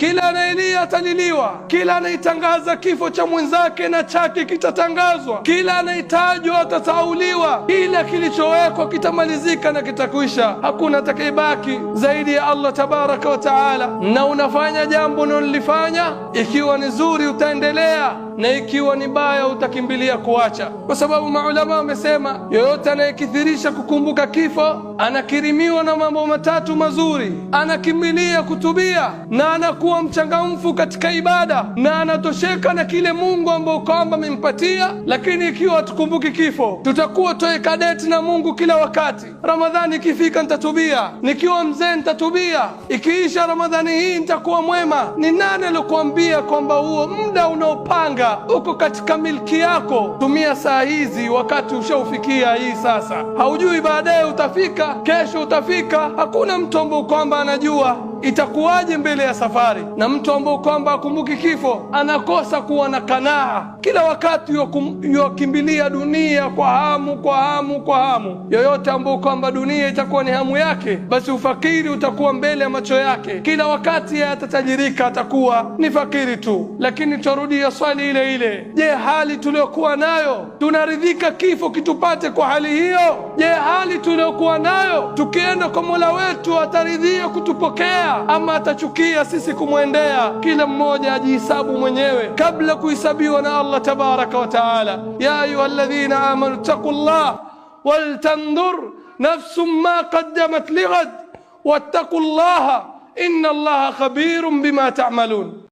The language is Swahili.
Kila anayelia ataliliwa, kila anayetangaza kifo cha mwenzake na chake kitatangazwa, kila anayetajwa atasauliwa, kila kilichowekwa kitamalizika na kitakwisha. Hakuna atakayebaki zaidi ya Allah tabaraka wa taala. Na unafanya jambo unalolifanya, ikiwa ni zuri utaendelea na ikiwa ni baya utakimbilia kuacha, kwa sababu maulama wamesema yoyote anayekithirisha kukumbuka kifo anakirimiwa na mambo matatu mazuri: anakimbilia kutubia, na anakuwa mchangamfu katika ibada, na anatosheka na kile Mungu ambao kwamba amempatia. Lakini ikiwa hatukumbuki kifo, tutakuwa toe kadeti na Mungu kila wakati. Ramadhani ikifika nitatubia, nikiwa mzee nitatubia, ikiisha Ramadhani hii nitakuwa mwema. Ni nani aliokuambia kwamba huo muda unaopanga uko katika milki yako, tumia saa hizi, wakati ushaufikia hii sasa. Haujui baadaye utafika, kesho utafika, hakuna mtu ambaye kwamba anajua Itakuwaje mbele ya safari? Na mtu ambao kwamba akumbuki kifo anakosa kuwa na kanaa, kila wakati yuwakimbilia dunia kwa hamu, kwa hamu, kwa hamu. Yoyote ambao kwamba dunia itakuwa ni hamu yake, basi ufakiri utakuwa mbele ya macho yake. Kila wakati yeye atatajirika, atakuwa ni fakiri tu. Lakini twarudia swali ile ile, je, hali tuliyokuwa nayo tunaridhika kifo kitupate kwa hali hiyo? Je, hali tuliyokuwa nayo tukienda kwa mola wetu ataridhia kutupokea? atamwendea ama atachukia sisi kumwendea. Kila mmoja ajihisabu mwenyewe kabla kuhesabiwa na Allah tabaraka wa taala. ya ayuha alladhina amanu ittaqullah waltandur nafsum ma qaddamat lighad wattaqu inna allaha khabirun bima ta'malun.